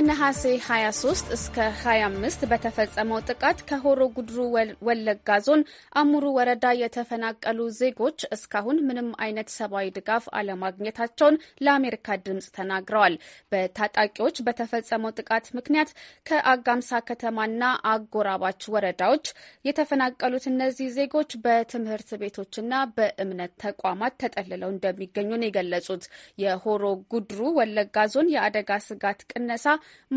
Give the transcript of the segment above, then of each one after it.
ከነሐሴ 23 እስከ 25 በተፈጸመው ጥቃት ከሆሮ ጉድሩ ወለጋ ዞን አሙሩ ወረዳ የተፈናቀሉ ዜጎች እስካሁን ምንም አይነት ሰብአዊ ድጋፍ አለማግኘታቸውን ለአሜሪካ ድምፅ ተናግረዋል። በታጣቂዎች በተፈጸመው ጥቃት ምክንያት ከአጋምሳ ከተማና አጎራባች ወረዳዎች የተፈናቀሉት እነዚህ ዜጎች በትምህርት ቤቶችና በእምነት ተቋማት ተጠልለው እንደሚገኙ ነው የገለጹት። የሆሮ ጉድሩ ወለጋ ዞን የአደጋ ስጋት ቅነሳ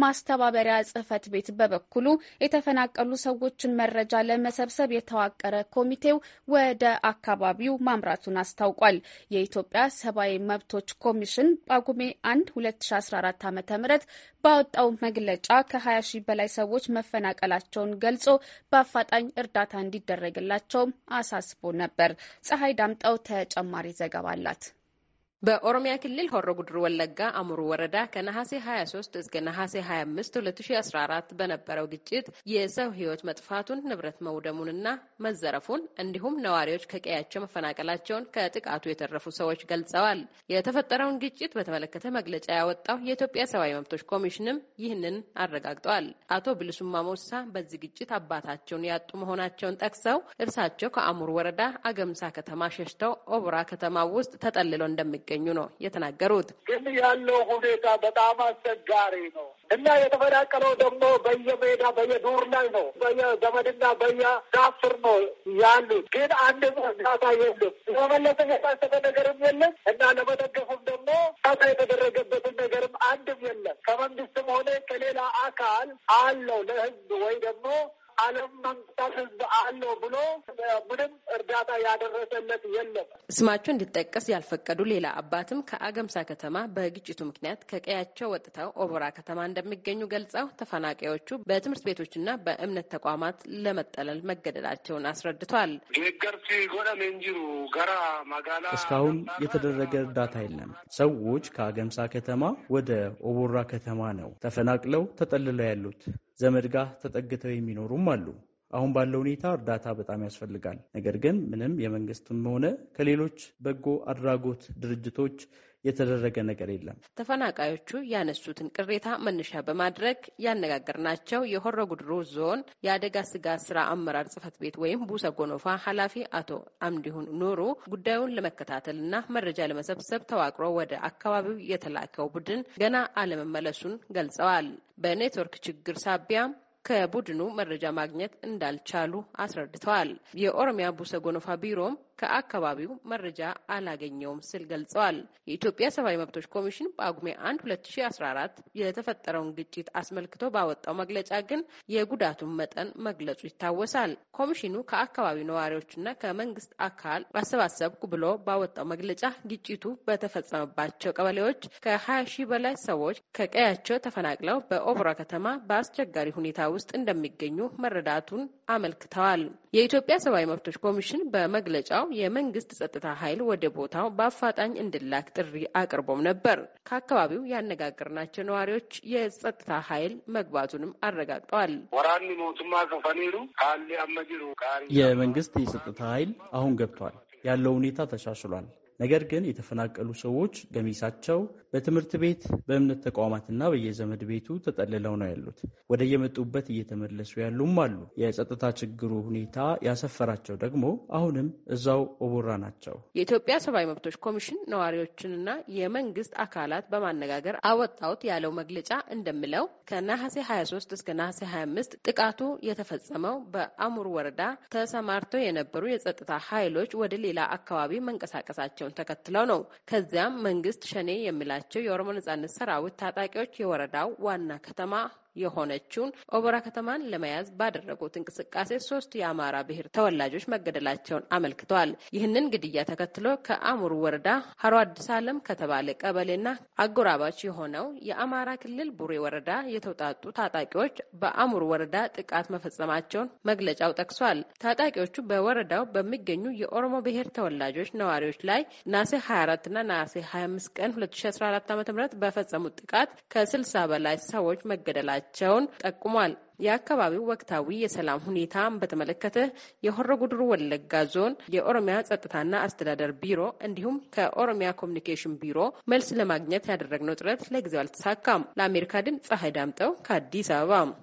ማስተባበሪያ ጽህፈት ቤት በበኩሉ የተፈናቀሉ ሰዎችን መረጃ ለመሰብሰብ የተዋቀረ ኮሚቴው ወደ አካባቢው ማምራቱን አስታውቋል። የኢትዮጵያ ሰብአዊ መብቶች ኮሚሽን ጳጉሜ 1 2014 ዓ ም ባወጣው መግለጫ ከ20 ሺህ በላይ ሰዎች መፈናቀላቸውን ገልጾ በአፋጣኝ እርዳታ እንዲደረግላቸውም አሳስቦ ነበር። ፀሐይ ዳምጠው ተጨማሪ ዘገባ አላት። በኦሮሚያ ክልል ሆሮ ጉድር ወለጋ አሙሩ ወረዳ ከነሐሴ 23 እስከ ነሐሴ 25 2014 በነበረው ግጭት የሰው ሕይወት መጥፋቱን ንብረት መውደሙንና መዘረፉን እንዲሁም ነዋሪዎች ከቀያቸው መፈናቀላቸውን ከጥቃቱ የተረፉ ሰዎች ገልጸዋል። የተፈጠረውን ግጭት በተመለከተ መግለጫ ያወጣው የኢትዮጵያ ሰብአዊ መብቶች ኮሚሽንም ይህንን አረጋግጠዋል። አቶ ብልሱማ ሞሳ በዚህ ግጭት አባታቸውን ያጡ መሆናቸውን ጠቅሰው እርሳቸው ከአሙሩ ወረዳ አገምሳ ከተማ ሸሽተው ኦቡራ ከተማ ውስጥ ተጠልለው እንደሚገ እንደሚገኙ ነው የተናገሩት። ግን ያለው ሁኔታ በጣም አስቸጋሪ ነው እና የተፈናቀለው ደግሞ በየሜዳ በየዱር ላይ ነው፣ በየዘመድና በየዳፍር ነው ያሉት። ግን አንድ እርዳታ የለም፣ ለመመለስ የታሰበ ነገርም የለም እና ለመደገፉም ደግሞ እርዳታ የተደረገበትን ነገርም አንድም የለም። ከመንግስትም ሆነ ከሌላ አካል አለው ለህዝብ ወይ ደግሞ አለም መንግስታት ህዝብ አለው ብሎ ምንም እርዳታ ያደረሰለት የለም። ስማቸው እንዲጠቀስ ያልፈቀዱ ሌላ አባትም ከአገምሳ ከተማ በግጭቱ ምክንያት ከቀያቸው ወጥተው ኦቦራ ከተማ እንደሚገኙ ገልጸው ተፈናቃዮቹ በትምህርት ቤቶችና በእምነት ተቋማት ለመጠለል መገደዳቸውን አስረድቷል። እስካሁን የተደረገ እርዳታ የለም። ሰዎች ከአገምሳ ከተማ ወደ ኦቦራ ከተማ ነው ተፈናቅለው ተጠልለው ያሉት። ዘመድ ጋር ተጠግተው የሚኖሩም አሉ። አሁን ባለው ሁኔታ እርዳታ በጣም ያስፈልጋል። ነገር ግን ምንም የመንግስትም ሆነ ከሌሎች በጎ አድራጎት ድርጅቶች የተደረገ ነገር የለም። ተፈናቃዮቹ ያነሱትን ቅሬታ መነሻ በማድረግ ያነጋገርናቸው የሆሮ ጉድሩ ዞን የአደጋ ስጋት ስራ አመራር ጽህፈት ቤት ወይም ቡሰ ጎኖፋ ኃላፊ አቶ አምዲሁን ኑሩ ጉዳዩን ለመከታተል እና መረጃ ለመሰብሰብ ተዋቅሮ ወደ አካባቢው የተላከው ቡድን ገና አለመመለሱን ገልጸዋል። በኔትወርክ ችግር ሳቢያም ከቡድኑ መረጃ ማግኘት እንዳልቻሉ አስረድተዋል። የኦሮሚያ ቡሰ ጎኖፋ ቢሮም ከአካባቢው መረጃ አላገኘውም ስል ገልጸዋል። የኢትዮጵያ ሰብአዊ መብቶች ኮሚሽን በጳጉሜ 1 2014 የተፈጠረውን ግጭት አስመልክቶ ባወጣው መግለጫ ግን የጉዳቱን መጠን መግለጹ ይታወሳል። ኮሚሽኑ ከአካባቢው ነዋሪዎችና ከመንግስት አካል አሰባሰብኩ ብሎ ባወጣው መግለጫ ግጭቱ በተፈጸመባቸው ቀበሌዎች ከ20 ሺህ በላይ ሰዎች ከቀያቸው ተፈናቅለው በኦቦራ ከተማ በአስቸጋሪ ሁኔታ ውስጥ እንደሚገኙ መረዳቱን አመልክተዋል። የኢትዮጵያ ሰብአዊ መብቶች ኮሚሽን በመግለጫው በመሆኗም የመንግስት ጸጥታ ኃይል ወደ ቦታው በአፋጣኝ እንድላክ ጥሪ አቅርቦም ነበር። ከአካባቢው ያነጋገርናቸው ነዋሪዎች የጸጥታ ኃይል መግባቱንም አረጋግጠዋል። የመንግስት የጸጥታ ኃይል አሁን ገብቷል። ያለው ሁኔታ ተሻሽሏል። ነገር ግን የተፈናቀሉ ሰዎች ገሚሳቸው በትምህርት ቤት፣ በእምነት ተቋማትና በየዘመድ ቤቱ ተጠልለው ነው ያሉት። ወደ የመጡበት እየተመለሱ ያሉም አሉ። የጸጥታ ችግሩ ሁኔታ ያሰፈራቸው ደግሞ አሁንም እዛው ኦቦራ ናቸው። የኢትዮጵያ ሰብአዊ መብቶች ኮሚሽን ነዋሪዎችንና የመንግስት አካላት በማነጋገር አወጣውት ያለው መግለጫ እንደሚለው ከነሐሴ 23 እስከ ነሐሴ 25 ጥቃቱ የተፈጸመው በአሙር ወረዳ ተሰማርተው የነበሩ የጸጥታ ኃይሎች ወደ ሌላ አካባቢ መንቀሳቀሳቸው መሆናቸውን ተከትለው ነው። ከዚያም መንግስት ሸኔ የሚላቸው የኦሮሞ ነጻነት ሰራዊት ታጣቂዎች የወረዳው ዋና ከተማ የሆነችውን ኦቦራ ከተማን ለመያዝ ባደረጉት እንቅስቃሴ ሶስት የአማራ ብሔር ተወላጆች መገደላቸውን አመልክተዋል። ይህንን ግድያ ተከትሎ ከአሙር ወረዳ ሀሮ አዲስ አለም ከተባለ ቀበሌና አጎራባች የሆነው የአማራ ክልል ቡሬ ወረዳ የተውጣጡ ታጣቂዎች በአሙር ወረዳ ጥቃት መፈጸማቸውን መግለጫው ጠቅሷል። ታጣቂዎቹ በወረዳው በሚገኙ የኦሮሞ ብሔር ተወላጆች ነዋሪዎች ላይ ናሴ 24ና ናሴ 25 ቀን 2014 ዓ ም በፈጸሙት ጥቃት ከ60 በላይ ሰዎች መገደላቸው መሆናቸውን ጠቁሟል። የአካባቢው ወቅታዊ የሰላም ሁኔታ በተመለከተ የሆረ ጉድሩ ወለጋ ዞን የኦሮሚያ ጸጥታና አስተዳደር ቢሮ እንዲሁም ከኦሮሚያ ኮሚኒኬሽን ቢሮ መልስ ለማግኘት ያደረግነው ጥረት ለጊዜው አልተሳካም። ለአሜሪካ ድምፅ ፀሐይ ዳምጠው ከአዲስ አበባ